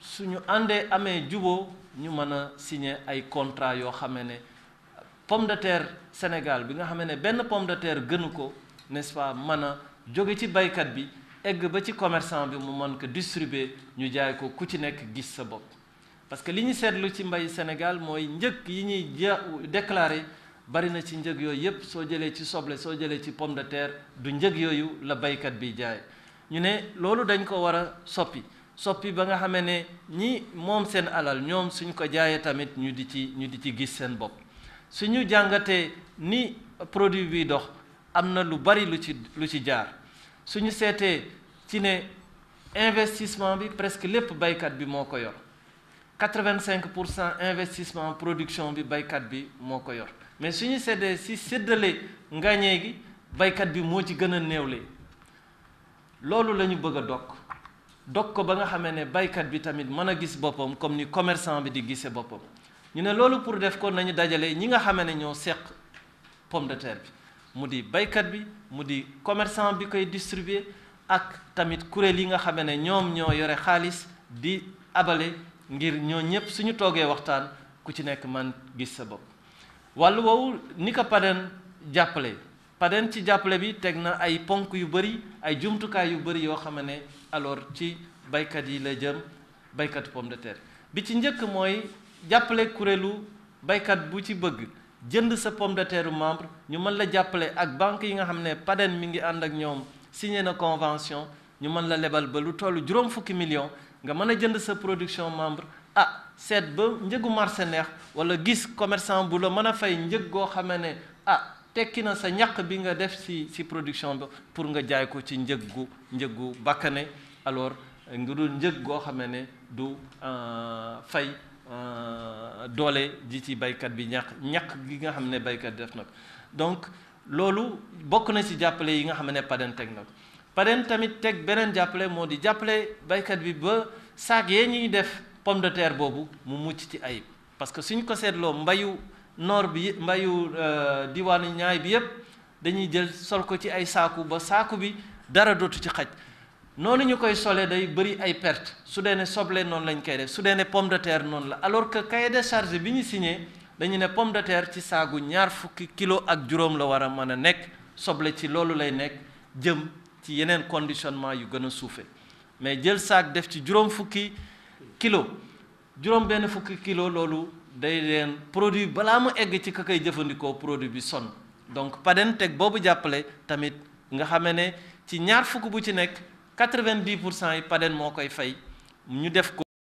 su ñu àndee amee juboo ñu mën a signe ay contrat yoo xamee ne pomme de terre Sénégal bi nga xamee ne benn pomme de terre gënu ko n'est-ce mën a jóge ci baykat bi egg ba ci commerçant bi mu mën ko distribuer ñu jaay ko ku ci nekk gis sa bopp parce que li ñu seetlu ci mbay Sénégal mooy njëg yi ñuy ja déclaré bari na ci njëg yooyu yépp soo jëlee ci soble soo jëlee ci pomme de terre du njëg yooyu la baykat bi jaay ñu ne loolu dañ ko war a soppi soppi ba nga xamee ne ñi moom seen alal ñoom suñ ko jaayee tamit ñu di ci ñu di ci gis seen bopp suñu jàngatee ni produit bi dox am na lu bari lu ci lu ci jaar suñu seetee ci ne investissement bi presque lépp baykat bi moo ko yor 85 pour cent investissement production bi baykat bi moo ko yor mais suñu seddee si séddalee ngañee gi baykat bi moo ci gën a néewle loolu lañu ñu bëgg a dokk dog ko ba nga xamee ne baykat bi tamit mën a gis boppam comme ni commerçant bi di gisee boppam ñu ne loolu pour def ko nañu dajale ñi nga xamee ne ñoo seq pomme de terre bi mu di baykat bi mu di commerçant bi koy distribuer ak tamit kuréel yi nga xame ne ñoom ñoo yore xaalis di abale ngir ñoo ñëpp suñu toogee waxtaan ku ci nekk man gis sa bopp wàllu woowu ni ko Paden jàppale Paden ci jàppale bi teg na ay ponk yu bëri ay jumtukaay yu bëri yoo xam ne alors ci baykat yi la jëm baykat pomme de terre bi ci njëkk mooy jàppale kuréelu baykat bu ci bëgg jënd sa pomme de terre membre ñu mën la jàppale ak banque yi nga xam ne Paden mi ngi ànd ak ñoom signé na convention ñu mën la lebal ba lu tollu juróom fukki million nga mën a jënd sa production membre ah seet ba njëgu marché neex wala gis commerçant bu la mën a fay njëg goo xam ne ah tekki na sa ñaq bi nga def si si production bi pour nga jaay ko ci njëg gu njëg gu bakkane alors ngi dul njëg goo xam ne du euh, fay euh, doole ji ci baykat bi ñaq ñaq gi nga xam ne baykat def na donc loolu bokk na ci jàppale yi nga xam ne Paden teg na ko Paden tamit teg beneen jàppale moo di jàppale baykat bi ba saak yee ñuy def pomme de terre boobu mu mucc ci ayib parce que suñ ko seetloo mbayu noor bi mbayu euh, diwaanu ñaay bi yépp dañuy jël sol ko ci ay saaku ba saaku bi dara dootu ci xaj noonu ñu koy solee day bëri ay perte su dee ne soble noonu lañ koy def su dee ne pomme de terre noonu la alors que cahier de charge bi ñu signé dañu ne pomme de terre ci saagu ñaar fukki kilo ak juróom la war a mën a nekk soble ci loolu lay nekk jëm ci yeneen conditionnement yu gën a suufee mais jël saag def ci juróom fukki kilo juróom benn fukki kilo loolu day leen produit balaa mu egg ci ka koy jëfandikoo produit bi sonn donc Padentec boobu jàppale tamit nga xame ne ci ñaar fukk bu ci nekk quatre-vingt-dix pour cent yi Paden moo koy fay ñu def ko